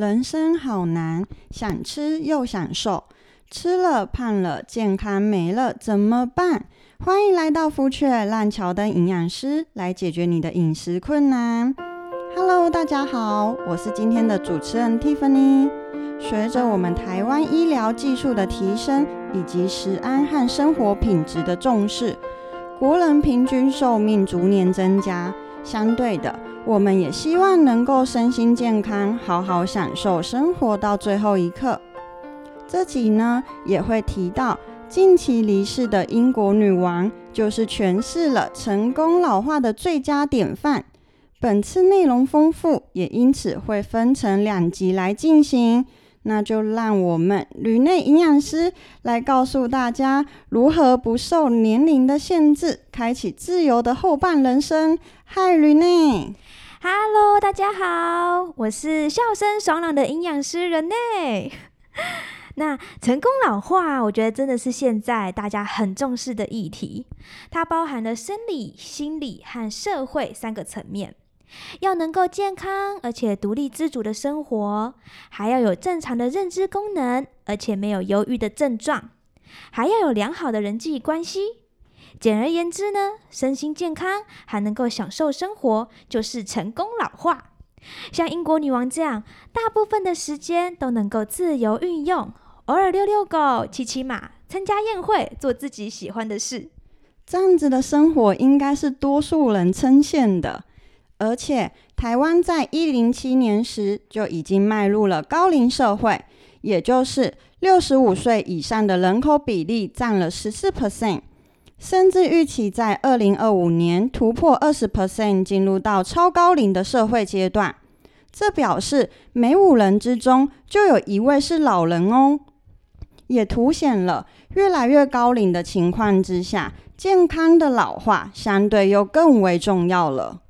人生好難，想吃又想瘦，吃了胖了，健康沒了，怎麼辦？歡迎來到福雀，讓喬丹營養師來解決你的飲食困難。Hello，大家好，我是今天的主持人 Tiffany。隨着我們台灣醫療技術的提升，以及食安和生活品質的重視，國人平均壽命逐年增加，相對的，我們也希望能夠身心健康，好好享受生活到最後一刻。這集呢也會提到近期離世的英國女王，就是詮釋了成功老化的最佳典範。本次內容豐富，也因此會分成兩集來進行。那就讓我們呂內營養師來告訴大家，如何不受年齡的限制，開啟自由的後半人生。嗨，呂內，Hello，大家好，我是笑聲爽朗的營養師呂內。 那成功老化，我覺得真的是現在大家很重視的議題，它包含了生理、心理和社會三個層面。要能夠健康而且獨立自主的生活，還要有正常的認知功能，而且沒有憂鬱的症狀，還要有良好的人際關係。簡而言之呢，身心健康，還能夠享受生活，就是成功老化。像英國女王這樣，大部分的時間都能夠自由運用，偶爾遛遛狗、騎騎馬、參加宴會、做自己喜歡的事，這樣子的生活應該是多數人稱羨的。而且，台灣在一零七年時就已經邁入了高齡社會，也就是六十五歲以上的人口比例占了十四 percent，甚至預期在二零二五年突破二十 percent，進入到超高齡的社會階段。這表示每五人之中就有一位是老人哦，也凸顯了越來越高齡的情況之下，健康的老化相對又更為重要了。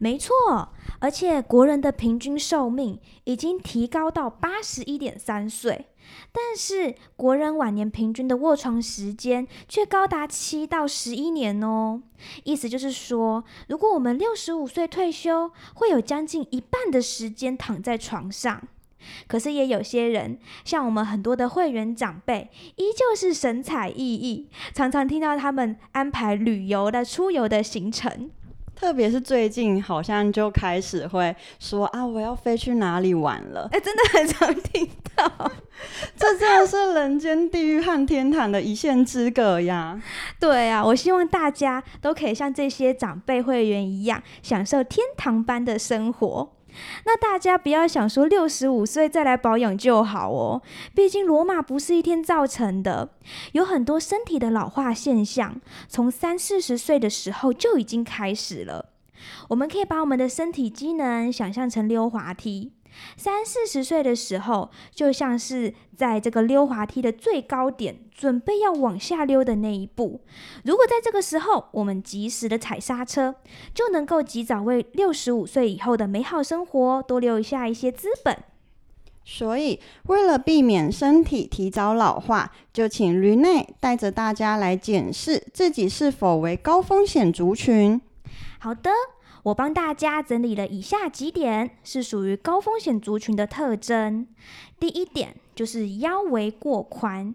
沒錯，而且國人的平均壽命已經提高到八十一點三歲，但是國人晚年平均的臥床時間卻高達七到十一年哦。意思就是說，如果我們六十五歲退休，會有將近一半的時間躺在床上。可是也有些人，像我們很多的會員長輩，依舊是神采奕奕，常常聽到他們安排旅遊的出遊的行程。特別是最近，好像就開始會說啊，我要飛去哪裡玩了。哎、欸，真的很常聽到， 這真的是人間地獄和天堂的一線之隔呀。 對啊，我希望大家都可以像這些長輩會員一樣，享受天堂般的生活。那大家不要想說六十五歲再來保養就好哦，畢竟羅馬不是一天造成的，有很多身體的老化現象，從三四十歲的時候就已經開始了。我們可以把我們的身體機能想象成溜滑梯。三四十歲的時候，就像是在這個溜滑梯的最高點，準備要往下溜的那一步。如果在這個時候我們及時的踩剎車，就能夠及早為六十五歲以後的美好生活多留下一些資本。所以，為了避免身體提早老化，就請呂內帶着大家來檢視自己是否為高風險族群。好的。我幫大家整理了以下幾點，是屬於高風險族群的特徵。第一點就是腰圍過寬，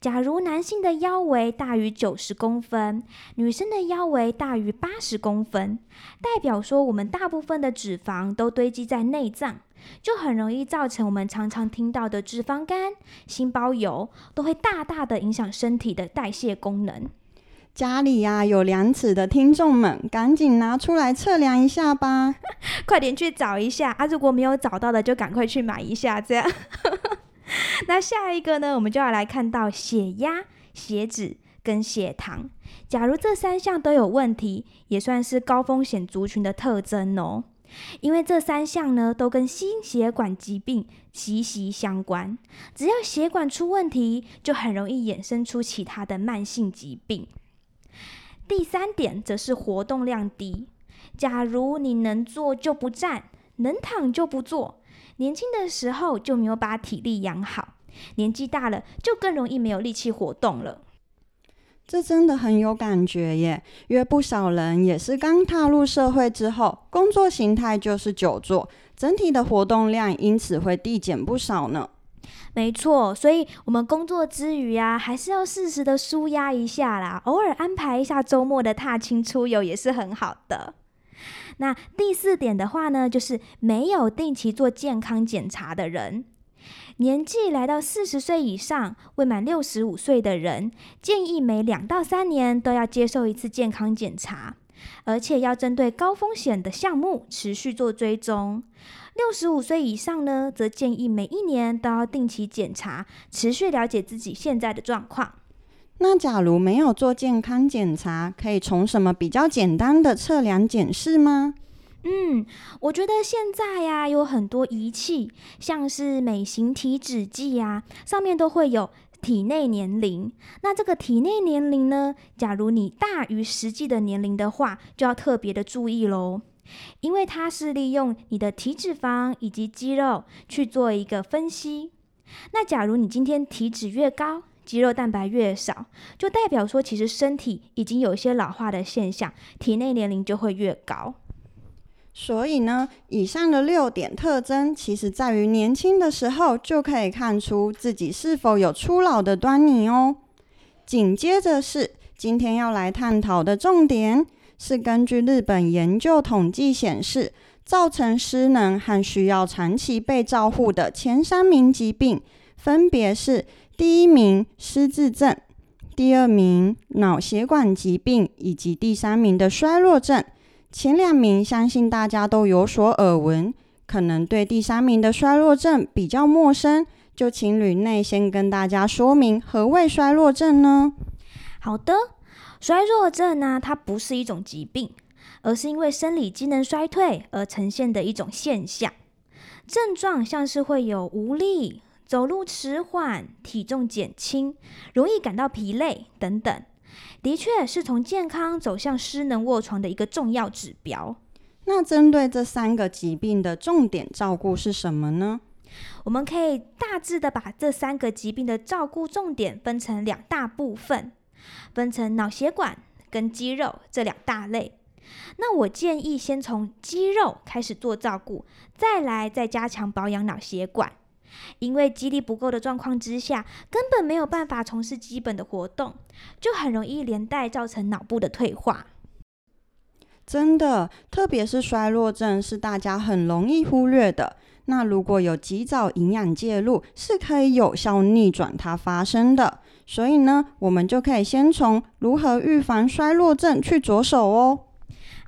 假如男性的腰圍大於九十公分，女生的腰圍大於八十公分，代表說我們大部分的脂肪都堆積在內臟，就很容易造成我們常常聽到的脂肪肝、心包油，都會大大的影響身體的代謝功能。家裡呀、啊、有量尺的聽眾們，趕緊拿出來測量一下吧！ 快點去找一下啊！如果沒有找到的，就趕快去買一下，這樣。 那下一個呢，我們就要來看到血壓、血脂跟血糖。假如這三項都有問題，也算是高風險族群的特徵哦、喔。因為這三項呢，都跟心血管疾病息息相關。只要血管出問題，就很容易衍生出其他的慢性疾病。第三點則是活動量低。假如你能坐就不站，能躺就不坐，年輕的時候就沒有把體力養好，年紀大了就更容易沒有力氣活動了。這真的很有感覺耶！因為不少人也是剛踏入社會之後，工作形態就是久坐，整體的活動量因此會遞減不少呢。沒錯，所以我們工作之餘啊，還是要適時的舒壓一下啦。偶爾安排一下周末的踏青出遊也是很好的。那第四點的話呢，就是沒有定期做健康檢查的人，年紀來到四十歲以上，未滿六十五歲的人，建議每兩到三年都要接受一次健康檢查，而且要針對高風險的項目持續做追蹤。六十五歲以上呢，則建議每一年都要定期檢查，持續了解自己現在的狀況。那假如沒有做健康檢查，可以從什麼比較簡單的測量檢視嗎？嗯，我覺得現在呀、啊，有很多儀器，像是美型體脂計啊，上面都會有體內年齡。那這個體內年齡呢，假如你大於實際的年齡的話，就要特別的注意嘍。因為它是利用你的體脂肪以及肌肉去做一個分析。那假如你今天體脂越高，肌肉蛋白越少，就代表說其實身體已經有一些老化的現象，體內年齡就會越高。所以呢，以上的六點特徵，其實在於年輕的時候就可以看出自己是否有初老的端倪哦。緊接着是今天要來探討的重點。是根據日本研究統計顯示，造成失能和需要長期被照護的前三名疾病，分別是第一名失智症，第二名腦血管疾病，以及第三名的衰弱症。前兩名相信大家都有所耳聞，可能對第三名的衰弱症比較陌生。就請呂內先跟大家說明何謂衰弱症呢？好的。衰弱症呢、啊，它不是一種疾病，而是因為生理機能衰退而呈現的一種現象。症狀像是會有無力、走路遲緩、體重減輕、容易感到疲累等等，的確是從健康走向失能臥床的一個重要指標。那針對這三個疾病的重點照顧是什麼呢？我們可以大致的把這三個疾病的照顧重點分成兩大部分。分成腦血管跟肌肉這兩大類，那我建議先從肌肉開始做照顧，再來再加強保養腦血管。因為肌力不夠的狀況之下，根本沒有辦法從事基本的活動，就很容易連帶造成腦部的退化。真的，特別是衰弱症，是大家很容易忽略的。那如果有及早營養介入，是可以有效逆轉它發生的。所以呢，我們就可以先從如何預防衰弱症去着手哦。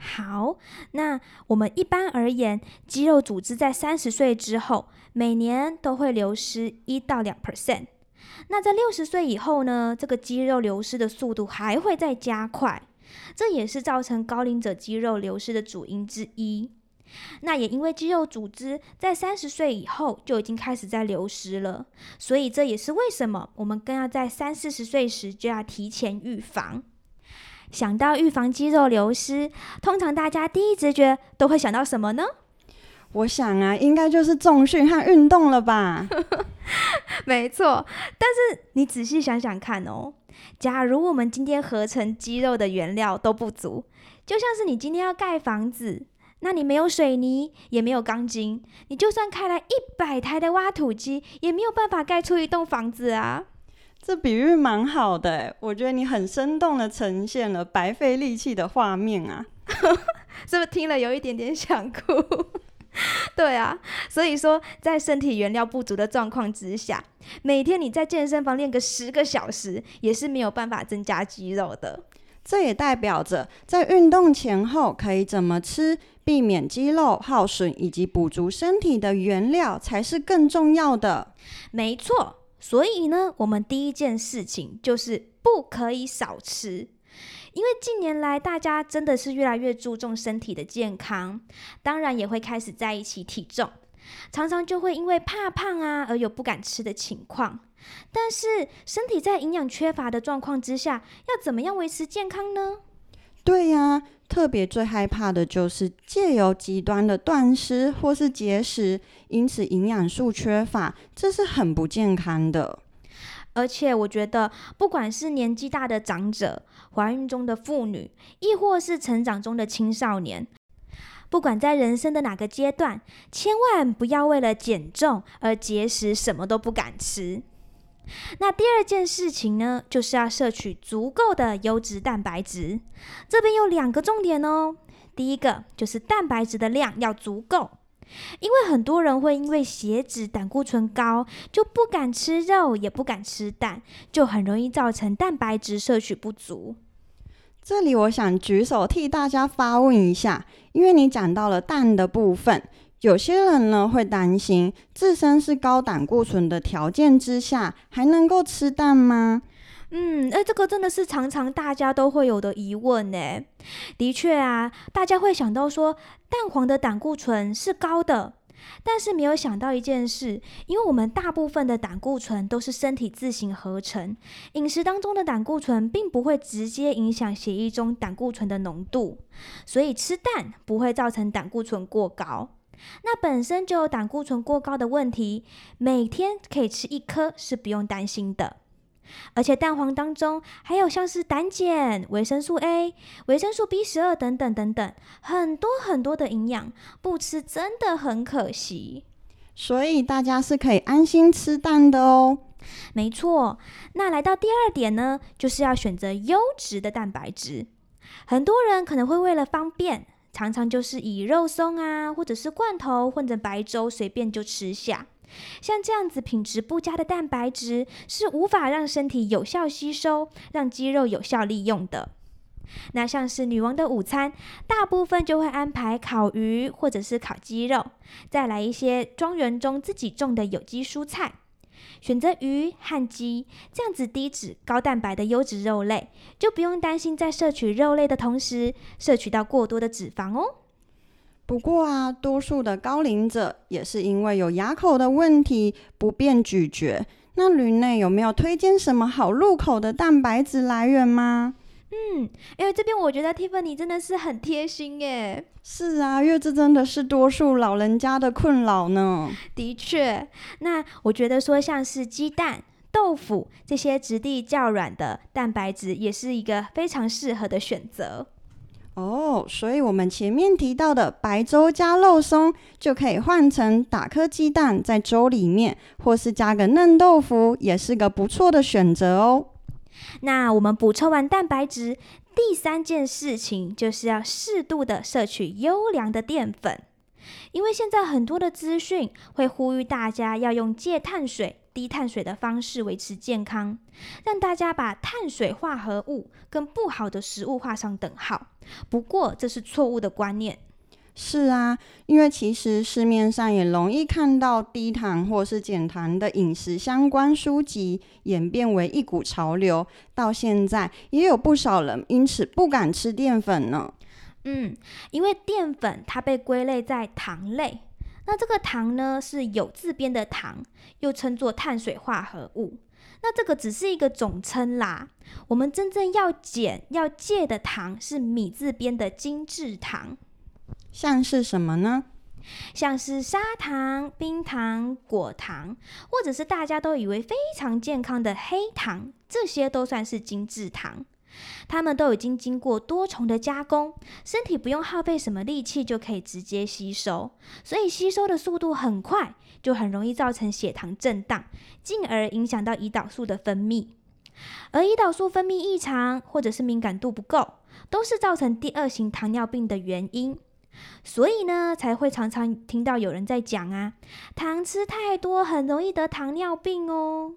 好，那我們一般而言，肌肉組織在三十歲之後，每年都會流失一到兩 percent。那在六十歲以後呢，這個肌肉流失的速度還會再加快，這也是造成高齡者肌肉流失的主因之一。那也因為肌肉組織在三十歲以後就已經開始在流失了，所以這也是為什麼我們更要在三四十歲時就要提前預防。想到預防肌肉流失，通常大家第一直覺都會想到什麼呢？我想啊，應該就是重訓和運動了吧。 沒錯，但是你仔細想想看哦，假如我們今天合成肌肉的原料都不足，就像是你今天要蓋房子。那你沒有水泥，也沒有鋼筋，你就算開來一百台的挖土機，也沒有辦法蓋出一棟房子啊。這比喻蠻好的欸，我覺得你很生動地呈現了白費力氣的畫面啊， 是不是聽了有一點點想哭？ 對啊，所以說在身體原料不足的狀況之下，每天你在健身房練個十個小時，也是沒有辦法增加肌肉的。這也代表着在運動前後可以怎麼吃。避免肌肉耗損以及補足身體的原料才是更重要的。沒錯，所以呢，我們第一件事情就是不可以少吃，因為近年來大家真的是越來越注重身體的健康，當然也會開始在意起體重，常常就會因為怕胖啊而有不敢吃的情況。但是身體在營養缺乏的狀況之下，要怎麼樣維持健康呢？對呀、啊，特別最害怕的就是借由極端的斷食或是節食，因此營養素缺乏，這是很不健康的。而且我覺得，不管是年紀大的長者、懷孕中的婦女，亦或是成長中的青少年，不管在人生的哪個階段，千萬不要為了減重而節食，什麼都不敢吃。那第二件事情呢，就是要攝取足夠的優質蛋白質。這邊有兩個重點哦。第一個就是蛋白質的量要足夠，因為很多人會因為血脂膽固醇高，就不敢吃肉，也不敢吃蛋，就很容易造成蛋白質攝取不足。這裡我想舉手替大家發問一下，因為你講到了蛋的部分。有些人呢，會擔心，自身是高膽固醇的條件之下，還能夠吃蛋嗎？嗯，哎、欸，這個真的是常常大家都會有的疑問呢、欸。的確啊，大家會想到說，蛋黃的膽固醇是高的，但是沒有想到一件事，因為我們大部分的膽固醇都是身體自行合成，飲食當中的膽固醇並不會直接影響血液中膽固醇的濃度，所以吃蛋不會造成膽固醇過高。那本身就有膽固醇過高的問題，每天可以吃一顆是不用擔心的。而且蛋黃當中還有像是膽鹼、維生素 A、維生素 B 十二等等等等，很多很多的營養，不吃真的很可惜。所以大家是可以安心吃蛋的哦。沒錯，那來到第二點呢，就是要選擇優質的蛋白質。很多人可能會為了方便。常常就是以肉鬆啊，或者是罐頭混着白粥隨便就吃下，像這樣子品質不佳的蛋白質是無法讓身體有效吸收，讓肌肉有效利用的。那像是女王的午餐，大部分就會安排烤魚或者是烤雞肉，再來一些莊園中自己種的有機蔬菜。選擇魚和雞這樣子低脂高蛋白的優質肉類，就不用擔心在攝取肉類的同時攝取到過多的脂肪哦。不過啊，多數的高齡者也是因為有牙口的問題不便咀嚼，那呂內有沒有推薦什麼好入口的蛋白質來源嗎？嗯，因為這邊我覺得 Tiffany 真的是很貼心耶。是啊，因為這真的是多數老人家的困擾呢。的確，那我覺得說像是雞蛋、豆腐這些質地較軟的蛋白質，也是一個非常適合的選擇。哦，所以我們前面提到的白粥加肉鬆，就可以換成打顆雞蛋在粥裡面，或是加個嫩豆腐，也是個不錯的選擇哦。那我們補充完蛋白質，第三件事情就是要適度的攝取優良的澱粉，因為現在很多的資訊會呼籲大家要用戒碳水、低碳水的方式維持健康，讓大家把碳水化合物跟不好的食物畫上等號。不過這是錯誤的觀念。是啊，因為其實市面上也容易看到低糖或是減糖的飲食相關書籍演變為一股潮流，到現在也有不少人因此不敢吃澱粉呢。嗯，因為澱粉它被歸類在糖類，那這個糖呢是酉字邊的糖，又稱作碳水化合物。那這個只是一個總稱啦，我們真正要減要戒的糖是米字邊的精制糖。像是什麼呢？像是砂糖、冰糖、果糖，或者是大家都以為非常健康的黑糖，這些都算是精致糖。它們都已經經過多重的加工，身體不用耗費什麼力氣就可以直接吸收，所以吸收的速度很快，就很容易造成血糖震盪，進而影響到胰島素的分泌。而胰島素分泌異常，或者是敏感度不夠，都是造成第二型糖尿病的原因。所以呢，才會常常聽到有人在講啊，糖吃太多很容易得糖尿病哦。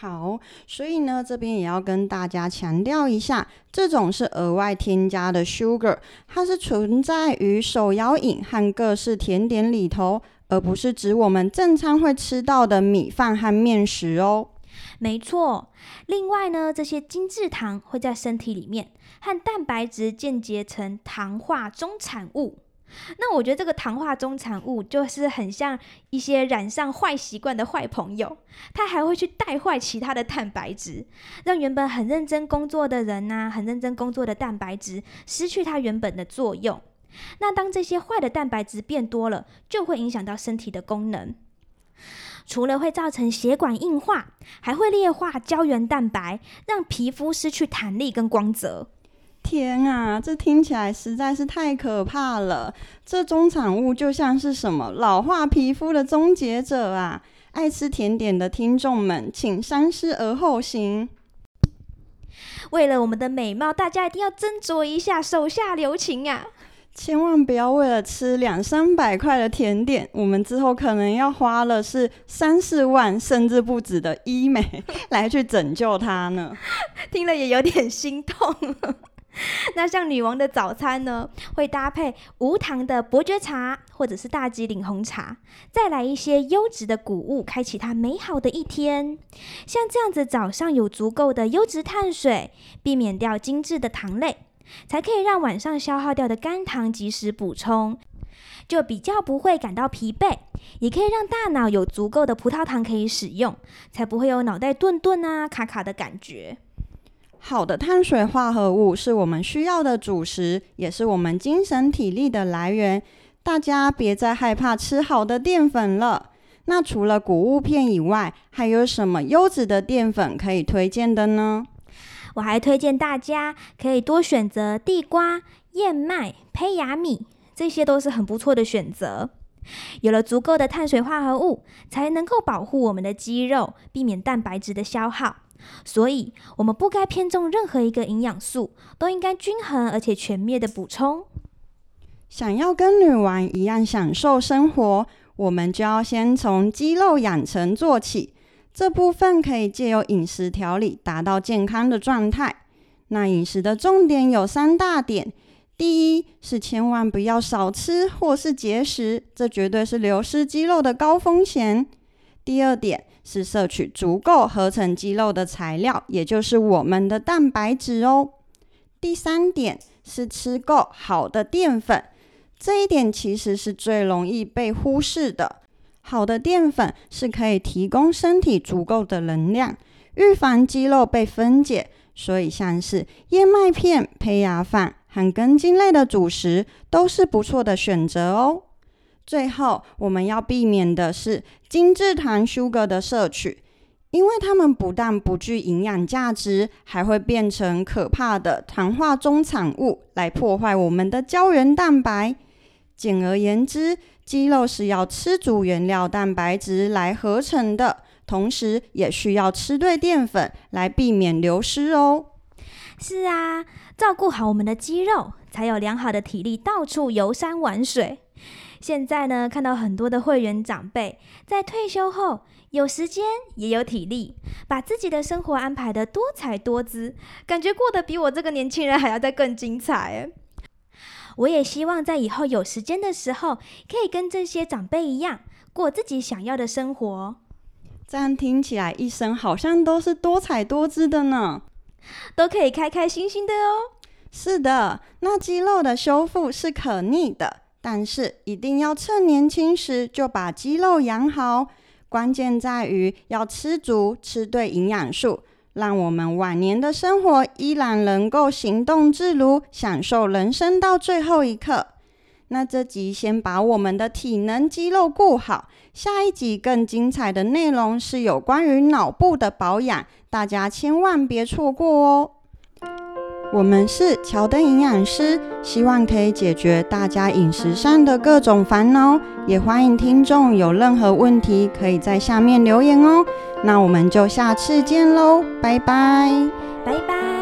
好，所以呢，這邊也要跟大家強調一下，這種是額外添加的 sugar，它是存在於手搖飲和各式甜點裡頭，而不是指我們正餐會吃到的米飯和麵食哦。沒錯，另外呢，這些精製糖會在身體裡面和蛋白質鍵結成糖化終產物。那我覺得這個糖化終產物就是很像一些染上壞習慣的壞朋友，他還會去帶壞其他的蛋白質，讓原本很認真工作的人吶、啊，很認真工作的蛋白質失去它原本的作用。那當這些壞的蛋白質變多了，就會影響到身體的功能。除了會造成血管硬化，還會裂化膠原蛋白，讓皮膚失去彈力跟光澤。天啊，這聽起來實在是太可怕了！這種產物就像是什麼老化皮膚的終結者啊！愛吃甜點的聽眾們，請三思而後行。為了我們的美貌，大家一定要斟酌一下，手下留情啊！千萬不要為了吃兩三百塊的甜點，我們之後可能要花了是三四萬甚至不止的醫美來去拯救它呢。 聽了也有點心痛。 那像女王的早餐呢，會搭配無糖的伯爵茶或者是大吉嶺紅茶，再來一些優質的穀物，開啟她美好的一天。像這樣子，早上有足夠的優質碳水，避免掉精緻的糖類。才可以讓晚上消耗掉的肝糖及時補充，就比較不會感到疲憊，也可以讓大腦有足夠的葡萄糖可以使用，才不會有腦袋鈍鈍啊、卡卡的感覺。好的碳水化合物是我們需要的主食，也是我們精神體力的來源。大家別再害怕吃好的澱粉了。那除了穀物片以外，還有什麼優質的澱粉可以推薦的呢？我還推薦大家可以多選擇地瓜、燕麥、胚芽米，這些都是很不錯的選擇。有了足夠的碳水化合物，才能夠保護我們的肌肉，避免蛋白質的消耗。所以，我們不該偏重任何一個營養素，都應該均衡而且全面的補充。想要跟女王一樣享受生活，我們就要先從肌肉養成做起。這部分可以借由飲食調理，達到健康的狀態。那飲食的重點有三大點：第一是千萬不要少吃或是節食，這絕對是流失肌肉的高風險；第二點是攝取足夠合成肌肉的材料，也就是我們的蛋白質哦；第三點是吃夠好的澱粉，這一點其實是最容易被忽視的。好的澱粉是可以提供身體足夠的能量，預防肌肉被分解，所以像是燕麥片、胚芽飯和根莖類的主食都是不錯的選擇哦。最後，我們要避免的是精製糖、sugar 的攝取，因為它們不但不具營養價值，還會變成可怕的糖化終產物，來破壞我們的膠原蛋白。簡而言之，肌肉是要吃足原料蛋白質來合成的，同時也需要吃對澱粉來避免流失哦。是啊，照顧好我們的肌肉，才有良好的體力到處遊山玩水。現在呢，看到很多的會員長輩在退休後有時間也有體力，把自己的生活安排得多彩多姿，感覺過得比我這個年輕人還要再更精彩、欸。我也希望在以後有時間的時候，可以跟這些長輩一樣，過自己想要的生活。這樣聽起來，一生好像都是多彩多姿的呢，都可以開開心心的哦。是的，那肌肉的修復是可逆的，但是一定要趁年輕時就把肌肉養好。關鍵在於要吃足、吃對營養素。讓我們晚年的生活依然能夠行動自如，享受人生到最後一刻。那這集先把我們的體能肌肉顧好，下一集更精彩的內容是有關於腦部的保養，大家千萬別錯過哦。我們是喬登營養師，希望可以解決大家飲食上的各種煩惱，也歡迎聽眾有任何問題可以在下面留言哦。那我們就下次見嘍，拜拜，拜拜。